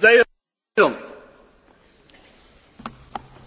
They